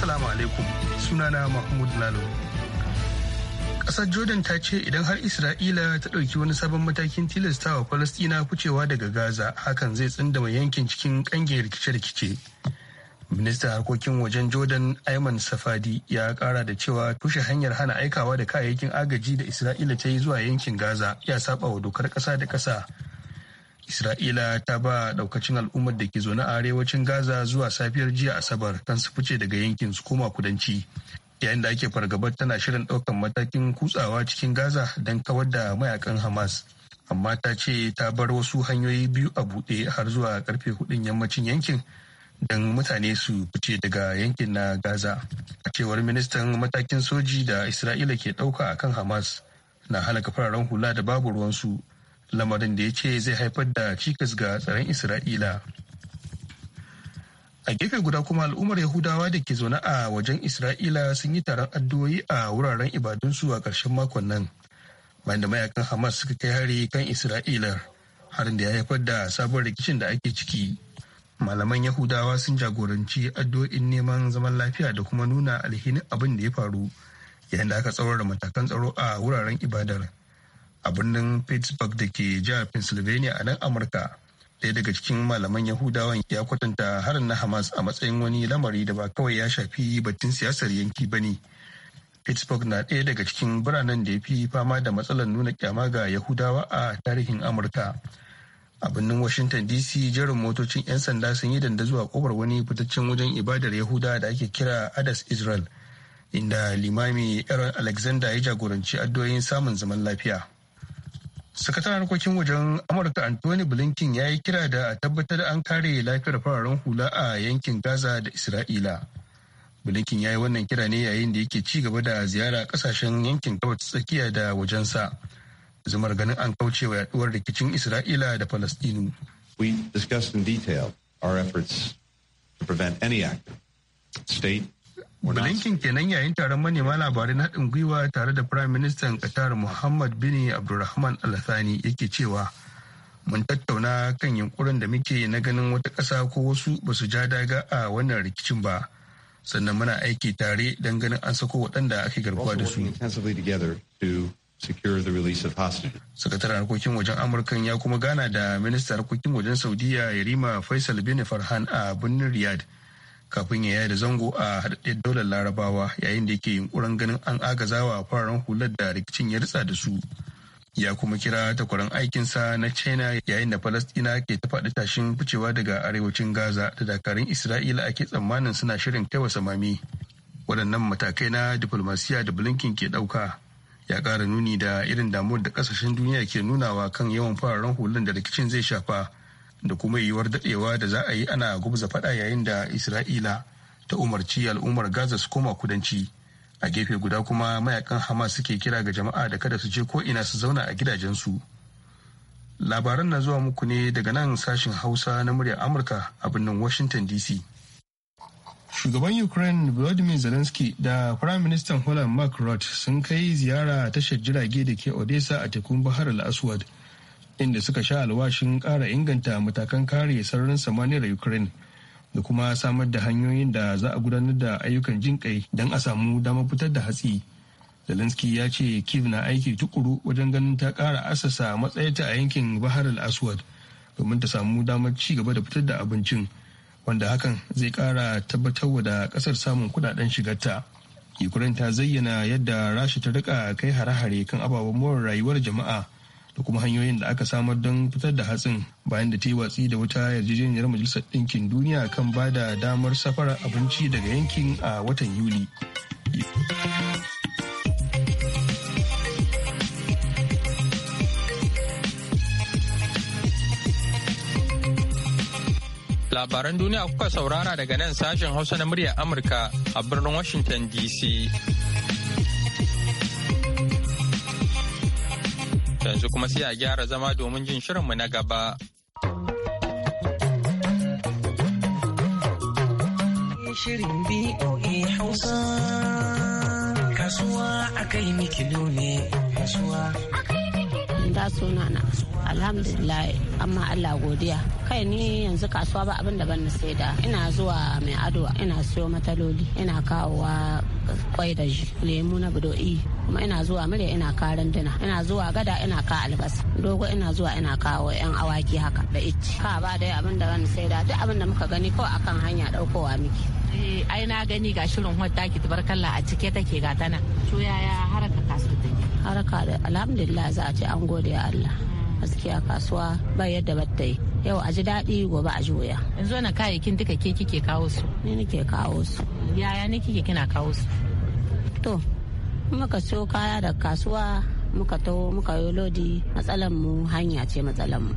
Assalamu alaikum sunana Mahmud Lalo. Ƙasar Jordan ta ce idan har Isra'ila ta ɗauki wani sabon matakin tilasta wa Falastina ficewa daga Gaza hakan zai tsindama yankin cikin ƙangiyar rikice-rikice. Minista harkokin wajen Jordan Ayman Safadi ya ƙara da cewa tushe hanyar hana aikawa da kayayyakin agaji da Isra'ila ta yi zuwa yankin Gaza ya saba wa dokar ƙasa da ƙasa. Isra'ila ta ba daukacin al'ummar da ke zaune a arewacin Gaza zuwa safiyar jiya Asabar kan su fice daga yankin su koma kudanci. Yayin da ake fargabar tana shirin daukan matakin kutsawa cikin Gaza don kawar da mayakan Hamas. Amma ta ce ta bar wasu hanyoyi biyu a buɗe har zuwa karfe hudun yammacin yankin don mutane su fice daga yankin na Gaza. A cewar ministan matakin soji da Isra'ila ke ɗauka akan Hamas na halaka fararen hula da babu ruwansu lamarin da ya ce zai haifar da cikas ga tsaron isra'ila a gefe guda kuma al'ummar yahudawa da ke zaune a wajen isra'ila sun yi taron addu'o'i a wuraren ibadunsu a ƙarshen makon nan bayan da mayakan hamas suka kai hari kan isra'ilar harin da ya haifar da sabon rikicin da ake ciki malaman yahudawa sun jagoranci addu'o'in neman zaman lafiya da kuma nuna alhinin abin da ya faru yayin da aka tsawar matakan tsaro a wuraren ibadar a birnin pittsburgh da ke jihar pennsylvania a nan amurka ɗaya daga cikin malaman yahudawan ya kwatanta harin na hamas a matsayin wani lamari da ba kawai ya shafi batun siyasar yanki ba ne pittsburgh na ɗaya daga cikin biranen da ya fi fama da matsalar nuna kyama ga yahudawa a tarihin amurka a birnin washington dc jerin motocin 'yan sanda sun yi danda zuwa kofar wani fitaccen wajen ibadar yahuda da ake kira adas israel inda limami aaron alexander ya jagoranci addu'o'in samun zaman lafiya sakataren harkokin wajen amurka anthony blinken ya yi kira da a tabbatar an kare lafiyar fararen hula a yankin gaza da isra'ila blinken ya yi wannan kira ne yayin da yake ci gaba da ziyara kasashen yankin gabas tsakiya da wajensa zumar ganin an kauce wa yaduwar rikicin isra'ila da falastinu we discussed in detail our efforts to prevent any act state Blinken kenan yayin taron manema labarai na haɗin gwiwa tare da Prime Minister Qatar Muhammad bin Abdulrahman Al Thani yake cewa mun tattauna kan yunkurin da muke na ganin wata ƙasa ko wasu ba su ja daga a wannan rikicin ba. Sannan muna aiki tare don ganin an sako waɗanda ake garkuwa da su. Sakataren harkokin wajen Amurkan ya kuma gana da ministan harkokin wajen Saudiya Yarima Faisal bin Farhan a birnin Riyadh. kafin ya da zango a haɗaɗɗen daular larabawa yayin da yake yunkurin ganin an agazawa fararen hular da rikicin ya ritsa da su ya kuma kira takwaran aikinsa na china yayin da falastina ke ta faɗi tashin ficewa daga arewacin gaza da dakarun isra'ila ake tsammanin suna shirin kaiwa samami waɗannan matakai na diplomasiya da blinken ke ɗauka ya ƙara nuni da irin damuwar da ƙasashen duniya ke nunawa kan yawan fararen hular da rikicin zai shafa da kuma yiwuwar dadewa da za a yi ana gubza fada yayin da isra'ila ta umarci al'ummar gaza su koma kudanci a gefe guda kuma mayakan hamas suke kira ga jama'a da kada su je ko ina su zauna a gidajensu labaran na zuwa muku ne daga nan sashen hausa na muryar amurka a birnin washington dc shugaban ukraine vladimir zelensky da prime minister holland mark rudd sun kai ziyara tashar jirage da ke odessa a tekun bahar al-aswad inda suka sha alwashin ƙara inganta matakan kare sararin samaniyar ukraine da kuma samar da hanyoyin da za a gudanar da ayyukan jin kai don a samu damar fitar da hatsi zelensky ya ce kiev na aiki tukuru wajen ganin ta kara asasa matsayinta a yankin bahar al-aswad domin ta samu damar ci gaba da fitar da abincin wanda hakan zai kara tabbatar da ƙasar samun kudaden shigarta ukraine ta zayyana yadda rasha ta rika kai hare-hare kan ababen more rayuwar jama'a da kuma hanyoyin da aka samar don fitar da hatsin bayan da ta yi watsi da wata yarjejeniyar majalisar ɗinkin duniya kan ba da damar safarar abinci daga yankin a watan yuli labaran duniya kuka saurara daga nan sashen hausa na muryar amurka a birnin washington dc yanzu kuma sai a gyara zama domin jin shirin mu na gaba. Shirin BOA Hausa Kasuwa a kai ne Kasuwa. Da sunana. alhamdulillah amma allah godiya kai ni yanzu kasuwa ba abin da ban na saida ina zuwa mai ado ina siyo mataloli ina kawowa kwai da shi lemu na budo'i kuma ina zuwa murya ina karin dina ina zuwa gada ina ka albasa dogo ina zuwa ina kawo yan awaki haka da icci ka ba dai abin da ban saida duk abin da muka gani kawai akan hanya daukowa miki eh, ai na gani ga shirin hotta ki tabarkalla a cike take ga tana to yaya haraka kasuwa take haraka alhamdulillah za a ce an gode Allah a kasuwa ba yadda ba ta yi yau a ji daɗi gobe a ji wuya yanzu wannan kayayyakin duka ke kike kawo su ni nake kawo su yaya ne kike kina kawo su to muka siyo kaya da kasuwa muka taho muka yi lodi matsalan mu hanya ce matsalan mu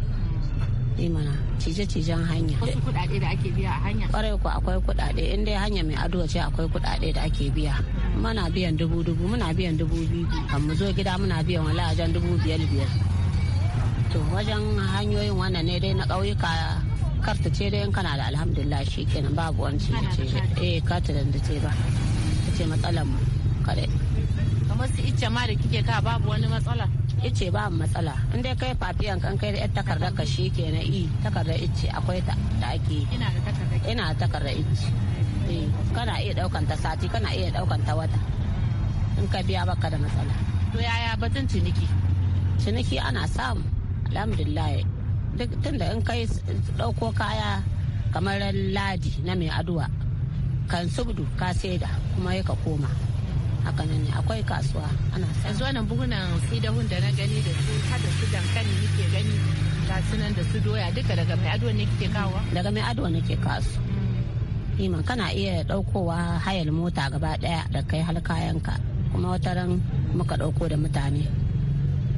imana cije-cijen hanya wasu kudade da ake biya a hanya kwarai ku akwai kudade in dai hanya mai aduwa ce akwai kudade da ake biya muna biyan dubu dubu muna biyan dubu biyu kan mu zo gida muna biyan wala wajen dubu biyar biyar to wajen hanyoyin wannan ne dai na ƙauyuka karta ce dai kana da alhamdulillah shi kenan babu wani ce eh karta da ce ba ce matsalar mu kare kamar su icce ma da kike ka babu wani matsala ice ba matsala in dai kai fafiyan kan kai da yar takardar ka shi ke na i takardar ice akwai ta da ake ina da takardar ice eh, kana iya daukan ta sati kana iya daukan ta wata in ka biya baka da matsala to yaya batun ciniki ciniki ana samu alhamdulillah tun da in kai ɗauko kaya kamar ladi na mai aduwa kan subdu ka saida kuma ya ka koma haka nan ne akwai kasuwa ana sa yanzu wannan bugunan sidahun da na gani da su kada su dankali nake gani ga sunan da su doya duka daga mai aduwa ne kike kawo daga mai aduwa nake kasu mm. iman kana iya daukowa hayal mota gaba daya da kai har kayanka kuma wataran muka dauko da mutane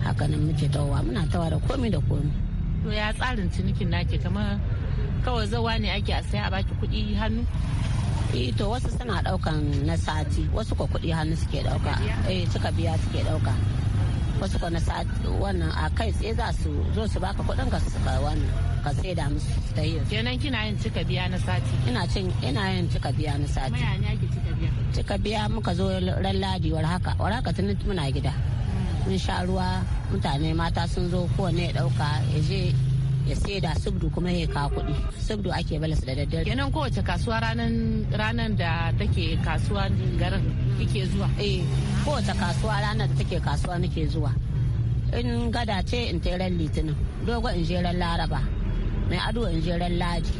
haka nan muke tawa muna tawa da komi da komi to ya tsarin cinikin nake kama kawai zawa ne ake a saya a baki kuɗi hannu eh to wasu suna ɗaukan na sati wasu ko kuɗi hannu suke ɗauka eh suka biya suke ɗauka wasu ko na sati wannan a kai sai za su zo su baka kuɗin ka su wannan ka sai da musu ta yi kenan kina yin cika biya na sati ina cin ina yin cika biya na sati cika biya muka zo ran ladi war haka war haka tun muna gida mun sha ruwa mutane mata sun zo kowane ya dauka ya je ya da subdu kuma ya kawo kuɗi subdu ake su da daddare kenan kowace kasuwa ranar da take kasuwa garin kike zuwa eh kowace kasuwa ranar da take kasuwa nake zuwa in gada ce in teran litinin dogo in je laraba mai ado in je laji ladi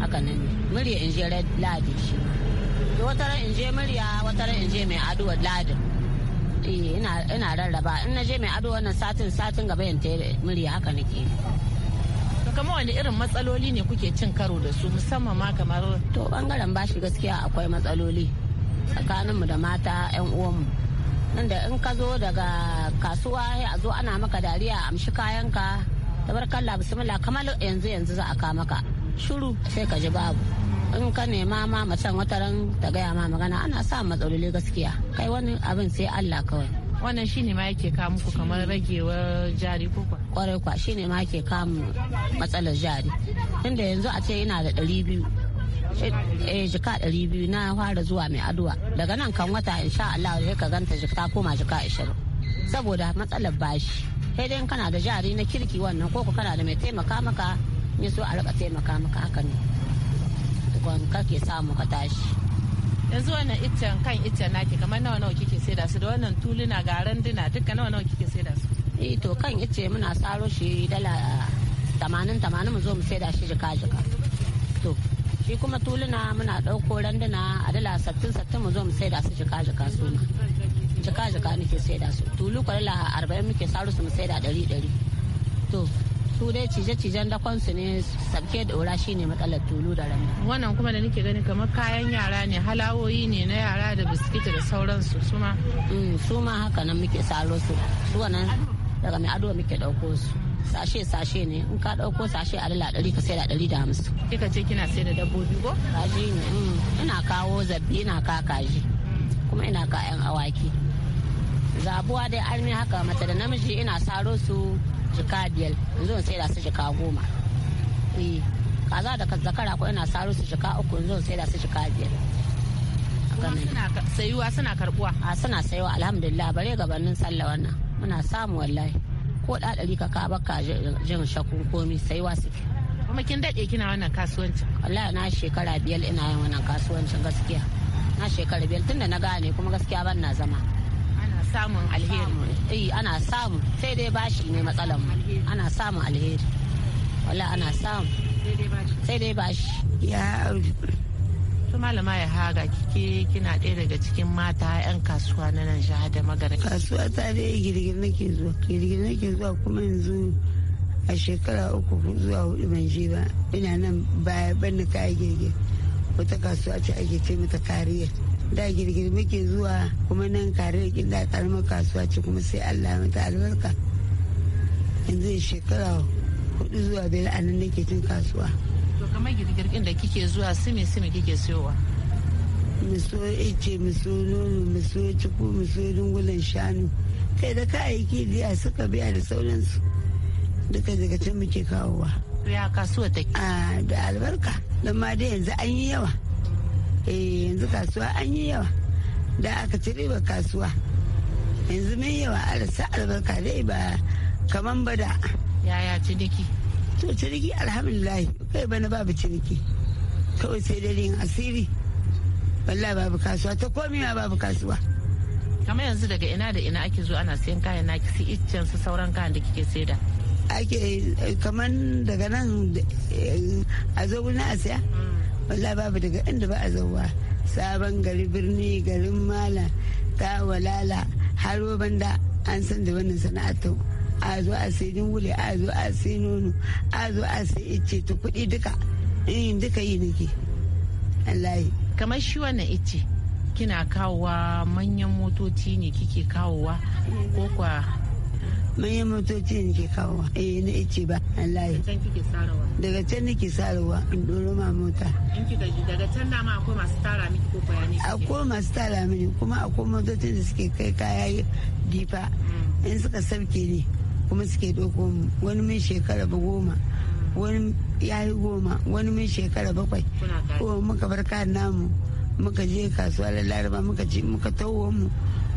haka nan ne murya in je laji ladi shi wataran in je murya wataran in je mai ado ladin Eh, ina ina rarraba in na je mai ado wannan satin satin gaba yin murya haka nake to kamar wani irin matsaloli ne kuke cin karo da su musamman ma kamar to bangaren bashi gaskiya akwai matsaloli tsakaninmu da mata yan uwanmu nan da in ka zo daga kasuwa a zo ana maka dariya a amshi kayanka tabarkalla bismillah kamar yanzu yanzu za a ka maka shuru sai ka ji babu in ka nema ma macen wata ran ta gaya ma magana ana sa matsaloli gaskiya kai wani abin sai Allah kawai wannan shine ma yake kawo muku kamar ragewar jari ko kwa kwarai kwa shine ma yake kawo matsalar jari tunda yanzu a ce ina da ɗari biyu eh jika ɗari biyu na fara zuwa mai aduwa daga nan kan wata insha Allah ya ka ganta jika koma jika ashirin saboda matsalar bashi sai dai kana da jari na kirki wannan ko kana da mai taimaka maka ne so a rika taimaka maka haka ne tukun kake samu ka tashi yanzu wannan iccen kan iccen naki kamar nawa nawa kike saida su da wannan tuluna ga randuna duka nawa nawa kike saida su eh to kan icce muna saro shi dala tamanin tamanin mu zo mu saida shi jika jika to shi kuma tuluna muna ɗauko randuna a dala sattin sattin mu zo mu saida su jika jika su ma jika jika nake saida su tulu kwarila arba'in muke saro su mu saida dari dari to su dai cije-cijen su ne sabke da ura shine matsalar tulu da rami wannan kuma da nake gani kamar kayan yara ne halawoyi ne na yara da biskiti da sauransu su ma mm, su ma haka nan muke salo su su wannan daga mai ado muke dauko su sashe sashe ne in ka dauko sashe a dala ɗari ka sai da ɗari da hamsin kika ce kina sai da dabbobi ko kaji ne mm, ina kawo zabbi ina ka kaji kuma ina ka yan awaki zabuwa dai armi haka mata da namiji ina saro su jika biyar yanzu sai da su jika goma eh, kaza da zakara ko ina saro su jika uku yanzu sai da su jika biyar sayuwa suna karbuwa a suna sayuwa alhamdulillah bare gabanin sallah wannan muna samu wallahi ko da dari ka ka baka jin shakun komi sayuwa suke kuma kin dade kina wannan kasuwancin wallahi na shekara biyar ina yin wannan kasuwancin gaskiya na shekara biyar tunda na gane kuma gaskiya ban na zama samun alheri eh ana samu sai dai bashi ne matsalan ana samun alheri wala ana samu sai dai bashi ya to malama ya haga kike kina ɗaya daga cikin mata 'yan kasuwa na nan shahada magana kasuwa ta da girgir nake zuwa girgir nake zuwa kuma yanzu a shekara uku zuwa hudu ban je ba ina nan baya ban na kayan girgir wata kasuwa ce ake ce mata kariya da girgir muke zuwa kuma nan kariya kin da karamar kasuwa ce kuma sai allah mata albarka yanzu shekara hudu zuwa biyar a nan nake cin kasuwa to kamar girgirgin da kike zuwa simi simi kike siyowa miso ice miso nono miso ciku miso dungulan shanu kai da kayayyaki biya suka biya da sauransu duka daga can muke kawowa ya kasuwa take a ah, da albarka don ma dai yanzu an yi yawa eh yanzu kasuwa an yi yawa da aka ci riba kasuwa yanzu mai yawa arasa albarka dai ba kaman ba da yaya ciniki to ciniki alhamdulillah kai bana babu ciniki kawai sai dare yin asiri wallahi babu kasuwa ta komi ma babu kasuwa kamar yanzu daga ina da ina ake zo ana sayan kayan naki su iccen su sauran kayan da kike saida ake kamar daga nan a zo wani a siya wallahi babu daga inda ba a zauwa sabon gari birni garin mala ta walala haro banda an san da wannan sana'atu a zo a sai dingule a zo a sai nono a zo a sai ice ta kuɗi duka yin duka yi nake Allah kamar shi wannan ice kina kawowa manyan motoci ne kike kawowa ko kwa manyan motoci ne ke kawo eh na ice ba wallahi daga can nake sarawa in doro ma mota in kika ji daga can dama akwai masu tara miki ko bayani akwai masu tara mini kuma akwai motocin da suke kai kaya difa hmm. in suka sauke ne kuma suke doko mu wani min shekara ba goma hmm. wani ya yi goma wani min shekara bakwai ko muka bar kayan namu muka je kasuwa da laraba muka ci muka tawo mu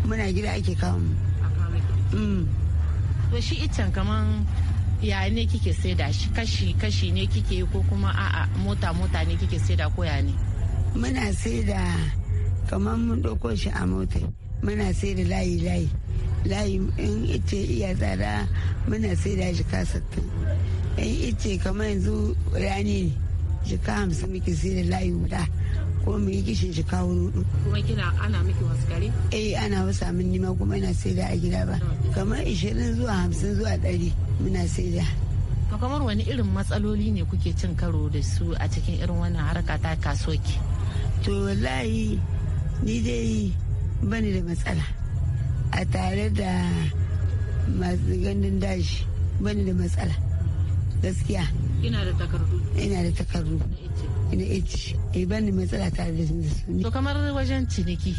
muna gida ake kawo mu to shi iccen kaman ya ne kike saida shi kashi kashi ne kike yi ko kuma a'a mota mota ne kike saida ko ya ne muna saida kaman mun ɗauko shi a mota muna saida layi layi layi in ice iya tsada muna saida shi kasattin in ice kamar yanzu rani ne jika hamsin muke saida layi guda ko mu yi kishin shi kawo rudu kuma kina ana miki wasu kare eh ana wasa min nima kuma ina saida a gida ba mm. kamar ishirin zuwa hamsin zuwa dari muna saida to kamar wani irin matsaloli ne kuke cin karo da su a cikin irin wannan harka ta kasuwanci to wallahi ni dai bani da matsala a tare da masu gandun dashi bani da matsala gaskiya ina da takardu ina da takardu da eh, matsala tare da su to kamar wajen ciniki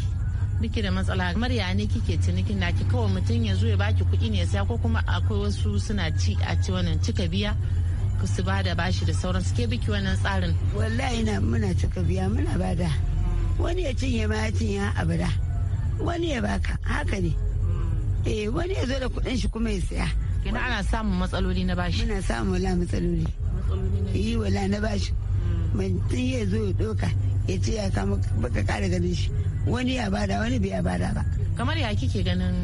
nake da matsala kamar ya ne kike na ki kawai mutum ya zo ya baki kuɗi ne sai ko kuma akwai wasu suna ci a ci wannan cika biya su ba da bashi da sauran suke biki wannan tsarin wallahi na muna cika biya muna bada wani ya cinye ma ya cinye abada wani ya baka haka ne eh wani ya zo da kuɗin shi kuma ya saya kina ana samun matsaloli na bashi muna samun wala matsaloli yi eh, wala na bashi mai ya zo ya doka ya ce ya kama baka kare ganin shi wani ya bada wani bai ya bada ba kamar ya kike ganin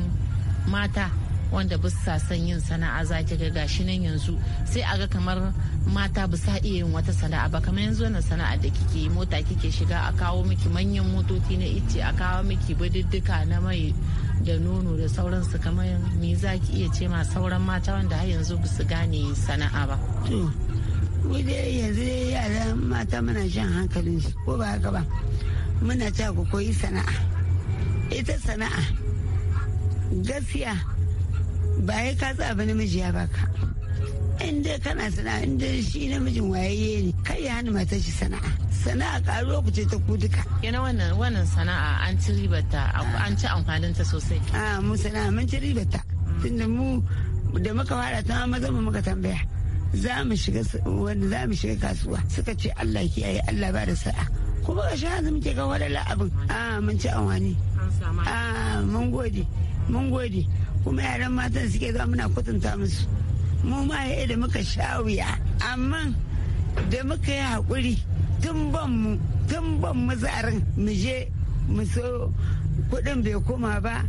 mata wanda sa son yin sana'a za ki ga gashi nan yanzu sai a ga kamar mata sa iya yin wata sana'a ba kamar yanzu wannan sana'a da kike yi mota kike shiga a kawo miki manyan motoci na ice a kawo miki bididdika na mai da nono da sauransu kamar me za ki iya ce ma sauran mata wanda har yanzu ba su gane sana'a ba. wuce yanzu dai yara mata muna shan hankalin su ko ba haka ba muna ta ku koyi sana'a ita sana'a gaskiya ba ya katsa abu namiji ya baka in dai kana sana'a in dai shi namijin wayayye ne kai ya hana mata shi sana'a sana'a karuwa ku ce ta ku duka yana wannan wannan sana'a an ci ribarta an ci amfanin ta sosai a ah, mu sana'a mun ci ribarta tunda mu da muka fara ta maza mu muka tambaya za mu shiga wani za mu shiga kasuwa suka ce Allah ki yi Allah ba da sa'a kuma ga shahada muke ga wani la'abin a ah, mun ci awani a ah, mun gode mun gode kuma yaran matan suke zuwa muna kwatanta musu mu ma ya da muka sha wuya amma da muka yi haƙuri tun ban mu tun ban mu zarin mu je mu so kuɗin bai koma ba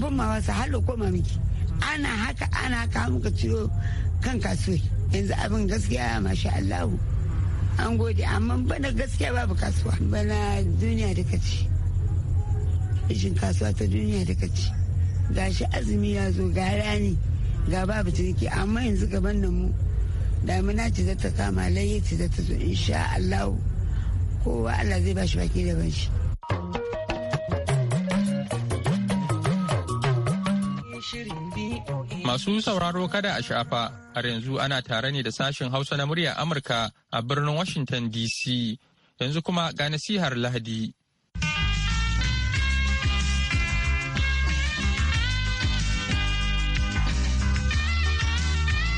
bin ma wasu halin koma miki ana haka ana haka muka ciyo kan kasuwa yanzu abin gaskiya masha Allahu an gode amma bana gaskiya babu kasuwa bana duniya da kaci ishin kasuwa ta duniya da kaci gashi azumi ya zo ga rani ga babu ciniki amma yanzu gaban nan mu damina ce za ta kama layi ce za ta zo insha Allah kowa Allah zai bashi baki da ban shi Masu sauraro kada a shafa, har yanzu ana tare ne da sashen Hausa na murya Amurka a birnin Washington DC. Yanzu kuma ga nasihar Lahadi.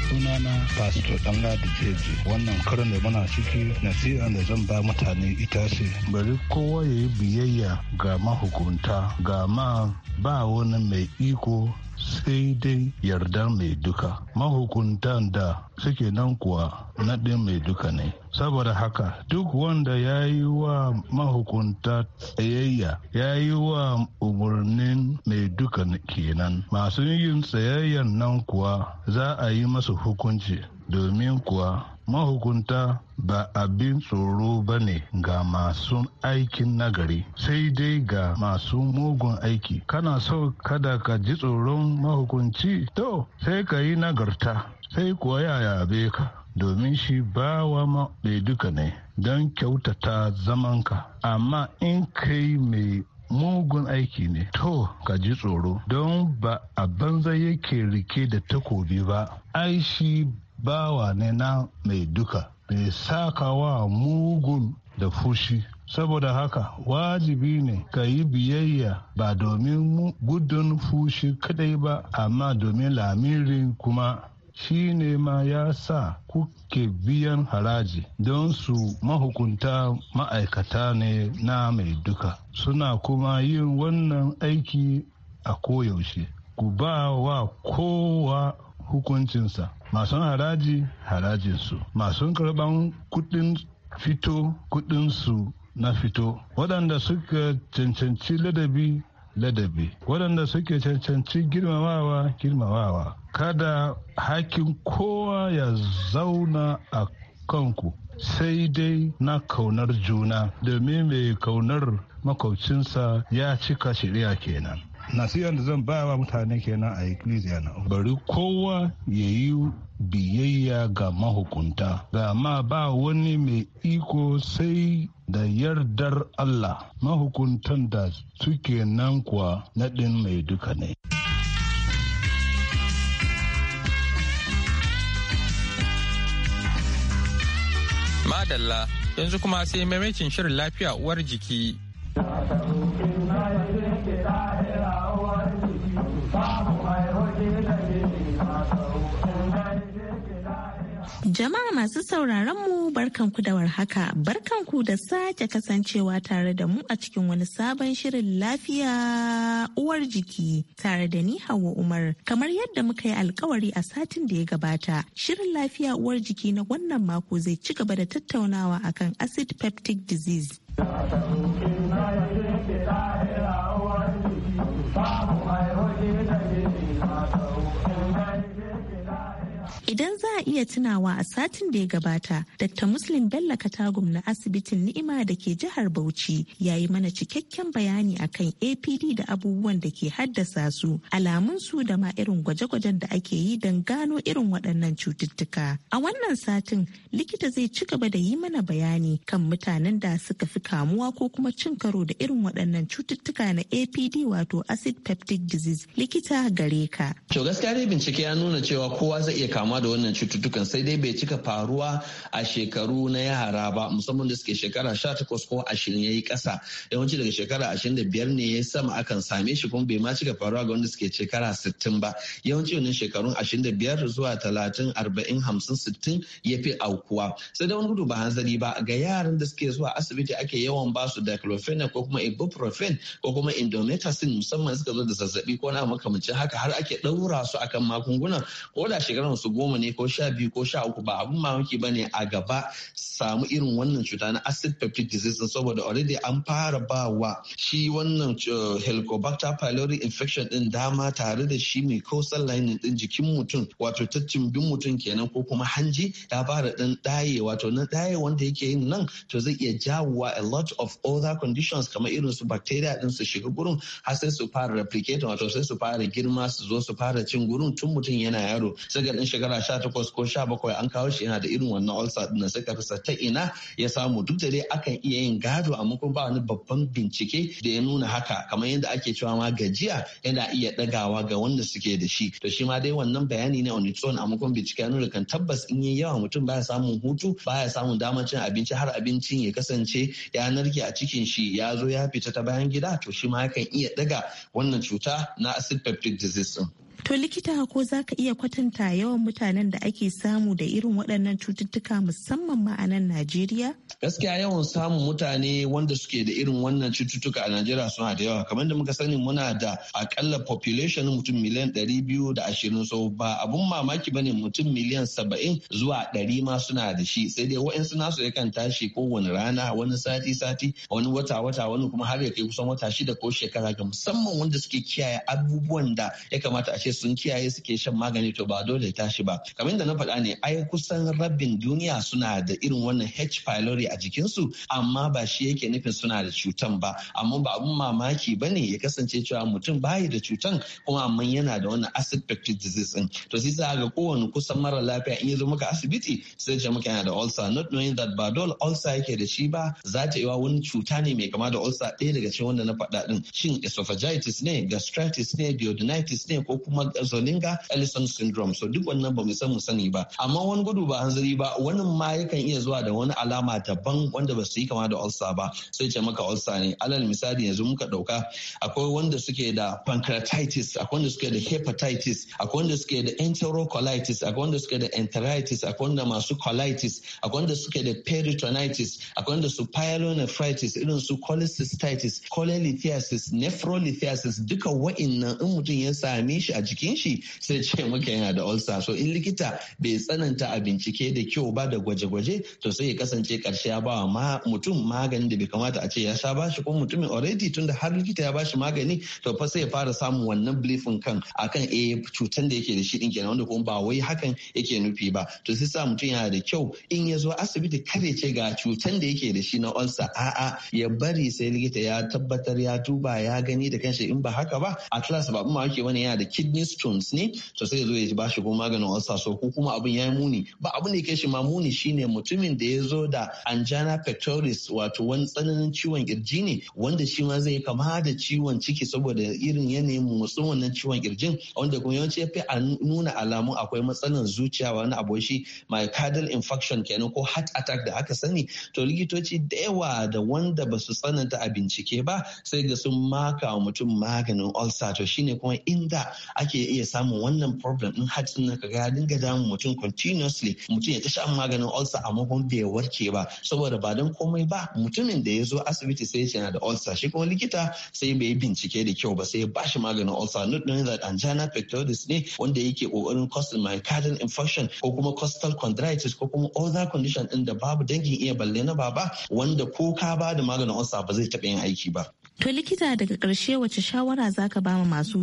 sunana pastor danladi jeji wannan karin da muna ciki nasiha da zan ba mutane ita ce bari kowa ya yi biyayya ga mahukunta ga ma ba wani mai iko sai dai yarda mai duka mahukuntan da suke nan kuwa naɗin mai duka ne saboda haka duk wanda ya yi wa mahukunta tsayayya ya yi wa umarnin mai duka kenan masu yin tsayayyar nan kuwa za a yi masu hukunci domin kuwa mahukunta ba abin tsoro ba ne ga masu aikin nagari sai dai ga masu mugun aiki kana so kada ka ji tsoron mahukunci to sai ka yi nagarta sai kuwa yaya be ka domin shi bawa ma duka ne don kyautata zamanka amma in kai mai mugun aiki ne to ka ji tsoro don ba a banza yake rike da takobi ba ai shi bawa ne na mai duka mai sakawa mugun da fushi saboda haka wajibi ne ka yi biyayya ba domin gudun fushi kadai ba amma domin lamirin kuma shi ne ma ya sa kuke biyan haraji don su mahukunta ma'aikata ne na mai duka suna kuma yin wannan aiki a koyaushe ku ba wa kowa hukuncinsa masu haraji harajinsu masu karban kudin fito su na fito waɗanda suka cancanci ladabi ladabi waɗanda suke cancanci girmamawa girmamawa kada hakin kowa ya zauna a kanku sai dai na kaunar juna domin mai kaunar makwabcinsa ya cika shari'a kenan nasiyan da zan bawa mutane kenan a ecclesia na bari kowa ya yi biyayya ga mahukunta gama ba wani mai iko sai da yardar Allah mahukuntan da suke nan kuwa naɗin mai duka ne. Madalla yanzu kuma sai maimakin shirin lafiya uwar jiki. Jama'a masu sauraron mu barkanku da warhaka, ku da sake kasancewa tare da mu a cikin wani sabon shirin lafiya uwar jiki tare da ni Hauwa Umar. Kamar yadda muka yi alkawari a satin da ya gabata, shirin lafiya uwar jiki na wannan mako zai ci gaba da tattaunawa akan acid peptic disease. Idan za a iya tunawa a satin da ya gabata, Dr. Muslim Bello Katagum na asibitin Ni'ima da ke jihar Bauchi ya yi mana cikakken bayani akan APD da abubuwan da ke haddasa su, alamun su da ma irin gwaje-gwajen da ake yi don gano irin waɗannan cututtuka. A wannan satin, likita zai ci gaba da yi mana bayani kan mutanen da suka fi kamuwa ko kuma cin karo da irin waɗannan cututtuka na APD wato acid peptic disease. Likita gare ka. To gaskiya dai bincike ya nuna cewa kowa zai iya kamuwa fama da wannan cututtukan sai dai bai cika faruwa a shekaru na yara ba musamman da suke shekara 18 ko 20 yi kasa yawanci daga shekara 25 ne ya sama akan same shi kuma bai ma cika faruwa ga wanda suke shekara 60 ba yawanci wannan shekarun 25 zuwa 30 40 50 60 fi aukuwa sai dai wani gudu ba hanzari ba ga yaran da suke zuwa asibiti ake yawan ba su diclofenac ko kuma ibuprofen ko kuma indomethacin musamman suka zo da zazzabi ko na makamancin haka har ake daura su akan magungunan ko da shekaran su goma goma ne ko sha biyu ko sha uku ba abin mamaki ba ne a gaba samu irin wannan cuta na acid peptic disease saboda already an fara ba wa shi wannan eh, helicobacter pylori infection din dama tare da shi mai causal lining din jikin mutum wato tattimbin mutum kenan ko kuma hanji ya fara dan daye wato na daye wanda yake yin nan to zai iya jawowa a lot of other conditions kamar irin su bacteria din su shiga gurin har sai su fara replicate wato sai su fara girma su zo su fara cin gurin tun mutum yana yaro sai ga dan shekara shekara sha takwas ko sha bakwai an kawo shi yana da irin wannan ulcer din sai ka fisa ta ina ya samu duk da dai akan iya yin gado amma kuma ba wani babban bincike da ya nuna haka kamar yadda ake cewa ma gajiya yana iya dagawa ga wanda suke da shi to shi ma dai wannan bayani ne on its own amma kuma bincike ya nuna kan tabbas in yi yawa mutum baya samun hutu baya samun damar cin abinci har abincin ya kasance ya narke a cikin shi ya zo ya fita ta bayan gida to shi ma yakan iya daga wannan cuta na acid peptic disease To likita ko za ka iya kwatanta yawan mutanen da ake samu da irin waɗannan cututtuka musamman ma a nan Najeriya? Gaskiya yawan samun mutane wanda suke da irin wannan cututtuka a Najeriya suna da yawa. Kamar da muka sani muna da akalla population mutum miliyan ɗari biyu da ashirin so ba abun mamaki bane mutum miliyan saba'in zuwa ɗari ma suna da shi sai dai wa'insu nasu yakan tashi kowane rana wani sati sati wani wata wata wani kuma har ya kai kusan wata shida ko shekara ga musamman wanda suke kiyaye abubuwan da ya kamata a ce sun kiyaye suke shan magani to ba dole tashi ba kamar da na faɗa ne ai kusan rabin duniya suna da irin wannan H pylori a jikinsu amma ba shi yake nufin suna da cutan ba amma ba abun mamaki ba ne ya kasance cewa mutum bayi da cutan kuma amma yana da wannan acid peptic disease din to sai za ga kowane kusan mara lafiya in ya zo maka asibiti sai ce maka yana da ulcer not knowing that ba dole ulcer yake da shi ba za ta wa wani cuta ne mai kama da ulcer ɗaya daga cikin wanda na faɗa din shin esophagitis ne gastritis ne duodenitis ne ko kuma zolinga ellison syndrome so duk wannan ba mu san mu sani ba amma wani gudu ba hanzari ba wannan ma yakan iya zuwa da wani alama daban wanda ba su yi kama da ulcer ba sai ce maka ulcer ne alal misali yanzu muka dauka akwai wanda suke da pancreatitis akwai wanda suke da hepatitis akwai wanda suke da enterocolitis akwai wanda suke da enteritis akwai wanda masu colitis akwai wanda suke da peritonitis akwai wanda su pyelonephritis irin su cholecystitis cholelithiasis nephrolithiasis duka nan in mutum ya same shi a jikin shi sai ce maka yana da ulcer so in likita bai tsananta a bincike da kyau ba da gwaje-gwaje to sai ya kasance karshe ya bawa mutum magani da bai kamata a ce ya sha bashi ko mutumin already tunda har likita ya bashi magani to fa sai ya fara samun wannan bilifin kan akan eh cutan da yake da shi din kenan wanda kuma ba wai hakan yake nufi ba to sai sa mutum yana da kyau in ya zo asibiti kare ce ga cutan da yake da shi na ulcer a'a ya bari sai likita ya tabbatar ya duba ya gani da kanshi in ba haka ba atlas ba mu ake wani yana da kidney stones ne to sai zo ya ba shi ko maganin ulcer so ko kuma abin ya yi muni ba abin da ya kai shi ma muni shine mutumin da ya zo da angina pectoris wato wani tsananin ciwon kirji ne wanda shi ma zai kama da ciwon ciki saboda irin yanayin motsin wannan ciwon kirjin wanda kuma yawanci ya fi nuna alamu akwai matsalan zuciya wani abu shi myocardial infarction kenan ko heart attack da aka sani to likitoci da yawa da wanda ba su tsananta a bincike ba sai ga sun maka mutum maganin ulcer to shine kuma inda ake iya samun wannan problem din heart din ka ga dinga damun mutum continuously mutum ya ta sha maganin ulcer amma kuma bai warke ba saboda ba dan komai ba mutumin da ya zo asibiti sai ya na da ulcer shi kuma likita sai bai bincike da kyau ba sai ya bashi maganin ulcer not knowing that angina pectoris ne wanda yake kokarin causing myocardial infarction ko kuma costal chondritis ko kuma other condition din da babu dangin iya balle na baba wanda ko ka ba da maganin ulcer ba zai taɓa yin aiki ba To likita daga ƙarshe wace shawara za ka ba masu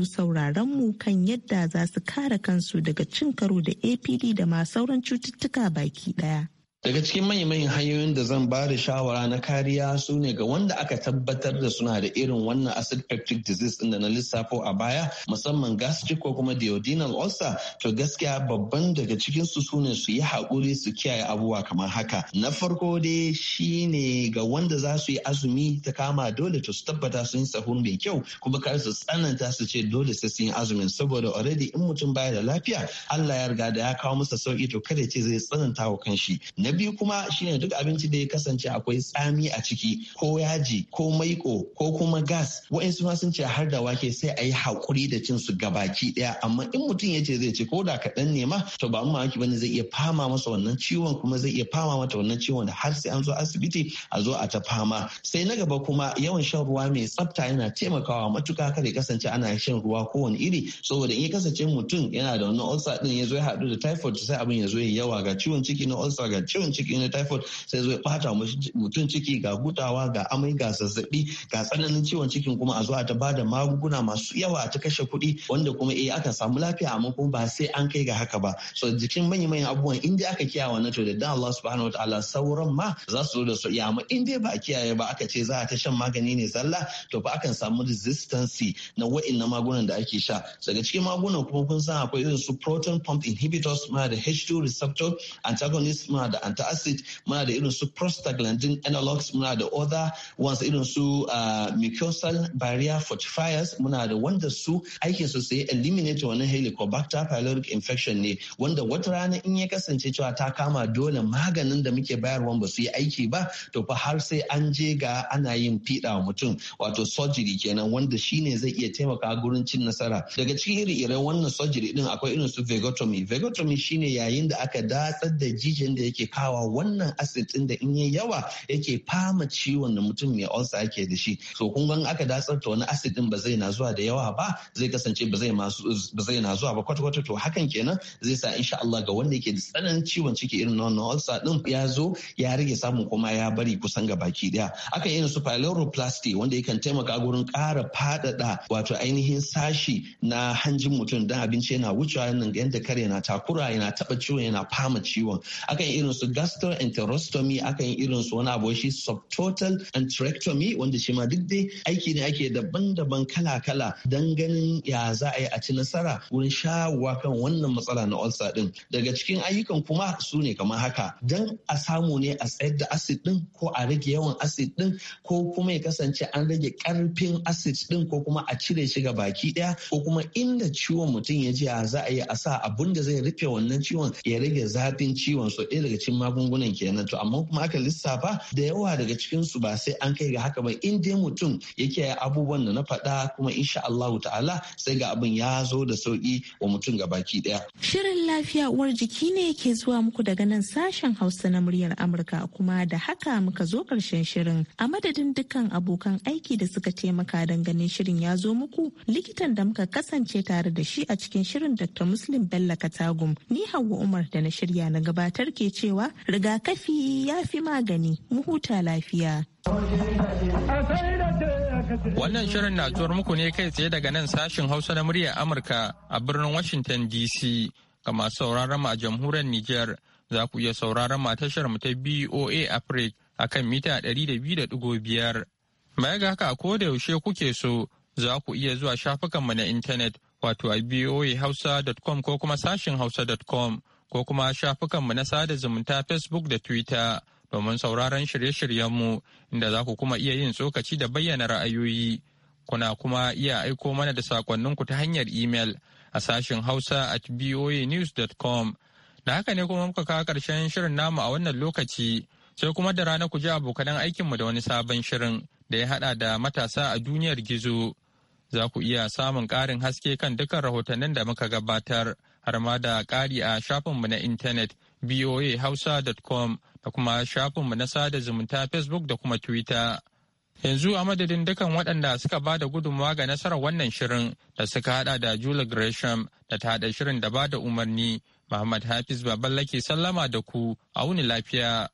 mu kan yadda za su kare kansu daga cin karo da APD da ma sauran cututtuka baki ɗaya? Daga cikin manyan hanyoyin da zan ba da shawara na kariya su ne ga wanda aka tabbatar da suna da irin wannan acid peptic disease ɗin da na lissafo a baya musamman gastric ko kuma duodenal ulcer to gaskiya babban daga cikin su sune su yi haƙuri su kiyaye abubuwa kamar haka. Na farko dai shine ga wanda za su yi azumi ta kama dole to su tabbata sun yi sahur mai kyau kuma kar su tsananta su ce dole sai sun yi azumin saboda already in mutum baya da lafiya Allah ya riga da ya kawo masa sauki to kada ce zai tsananta wa kanshi. Na biyu kuma shine duk abinci da ya kasance akwai tsami a ciki ko yaji ko maiko ko kuma gas wa'insu ma sun ce har da wake sai a yi haƙuri da cin su gabaki ɗaya amma in mutum ya ce zai ce ko da kaɗan ne ma to ba mu mamaki bane zai iya fama masa wannan ciwon kuma zai iya fama mata wannan ciwon da har sai an zo asibiti a zo a ta fama sai na gaba kuma yawan shan ruwa mai tsafta yana taimakawa matuka kada ya kasance ana shan ruwa kowane iri saboda in ya kasance mutum yana da wannan ulcer din ya zo ya haɗu da typhoid sai abin ya zo ya yawa ga ciwon ciki na ulcer ga ciwon ciwon ciki na typhoid sai zo ya bata mutum ciki ga gutawa ga amai ga zazzabi ga tsananin ciwon cikin kuma a zuwa ta bada magunguna masu yawa ta kashe kuɗi wanda kuma eh aka samu lafiya amma kuma ba sai an kai ga haka ba so jikin manya manyan abubuwan in dai aka kiyaye wannan to da dan Allah subhanahu wataala sauran ma za su zo da su amma in dai ba kiyaye ba aka ce za a ta shan magani ne zalla to ba akan samu resistance na wa'annan magunan da ake sha daga cikin magunan kuma kun san akwai irin su proton pump inhibitors ma da H2 receptor antagonists ma da antacid muna da irin su prostaglandin analogs muna da other ones irin su ah, mucosal barrier fortifiers muna da wanda su aikin su sai eliminate wani helicobacter pyloric infection ne wanda wata rana in ya kasance cewa ta kama dole maganin da muke bayarwa ba su yi aiki ba to fa har sai an je ga ana yin fiɗa mutum wato surgery kenan wanda shine zai iya taimaka gurin cin nasara daga cikin iri-iren wannan surgery din akwai irin su vagotomy vagotomy shine yayin da aka datsar da jijin da yake kama taimakawa wannan acid din da in yi yawa yake fama ciwon da mutum mai ulcer yake da shi so kun ga aka datsar to wani acid din ba zai na zuwa da yawa ba zai kasance ba zai ba zai na zuwa ba kwata kwata to hakan kenan zai sa insha Allah ga wanda yake da tsananin ciwon ciki irin wannan ulcer din ya zo ya rage samun kuma ya bari kusan ga baki daya akan irin su pyloroplasty wanda yakan taimaka gurin ƙara faɗaɗa wato ainihin sashi na hanjin mutum dan abinci yana wucewa ga yanda kare yana takura yana taba ciwon yana fama ciwon akan irin su gastroenterostomy akan yi irin su wani abu shi subtotal enterectomy wanda shi ma duk dai aiki ne ake daban-daban kala-kala don ganin ya za a yi a ci nasara wurin shawarwa kan wannan matsala na ulcer din daga cikin ayyukan kuma su ne kamar haka don a samu ne a tsayar da acid din ko a rage yawan acid din ko kuma ya kasance an rage karfin acid din ko kuma a cire shi ga baki daya ko kuma inda ciwon mutum ya ji ya za a yi a sa abun da zai rufe wannan ciwon ya rage zafin ciwon so ɗaya daga cikin cikin magungunan kenan to amma kuma aka lissafa da yawa daga cikin su ba sai an kai ga haka ba in dai mutum ya yi abubuwan da na faɗa kuma insha Allahu ta'ala sai ga abin ya zo da sauki wa mutum gabaki daya shirin lafiya uwar jiki ne yake zuwa muku daga nan sashen Hausa na muryar Amurka kuma da haka muka zo karshen shirin a madadin dukkan abokan aiki da suka taimaka don ganin shirin ya zo muku likitan da muka kasance tare da shi a cikin shirin Dr. Muslim Bello Katagum ni Hauwa Umar da na shirya na gabatar ke cewa cewa rigakafi ya fi magani mu huta lafiya. Wannan shirin na zuwar muku ne kai tsaye daga nan sashin Hausa na murya Amurka a birnin Washington DC ga masu sauraron mu a jamhuriyar Nijar za ku iya sauraron mu a tashar mu ta BOA Africa a kan mita 200.5. Baya ga haka ko da yaushe kuke so za ku iya zuwa shafukanmu na intanet wato a boahausa.com ko kuma sashin hausa.com ko kuma shafukanmu na sada zumunta Facebook da Twitter domin sauraron shirye-shiryenmu inda za ku kuma iya yin tsokaci da bayyana ra'ayoyi. Kuna kuma iya aiko mana da saƙonninku ta hanyar imel a sashen Hausa at com Da haka ne kuma muka kawo ƙarshen shirin namu a wannan lokaci sai kuma da rana ku ji abokanan aikinmu da wani sabon shirin da ya haɗa da matasa a duniyar gizo. Za ku iya samun ƙarin haske kan dukkan rahotannin da muka gabatar. har ma da ƙari a shafinmu na intanet voahausa.com da kuma shafinmu na sada zumunta facebook da kuma twitter. Yanzu a madadin dukan waɗanda suka ba da gudunmawa ga nasarar wannan shirin da suka haɗa da Julie Gresham da ta haɗa shirin da ba da umarni, Muhammad Hafiz Baballake sallama da ku, a wuni lafiya.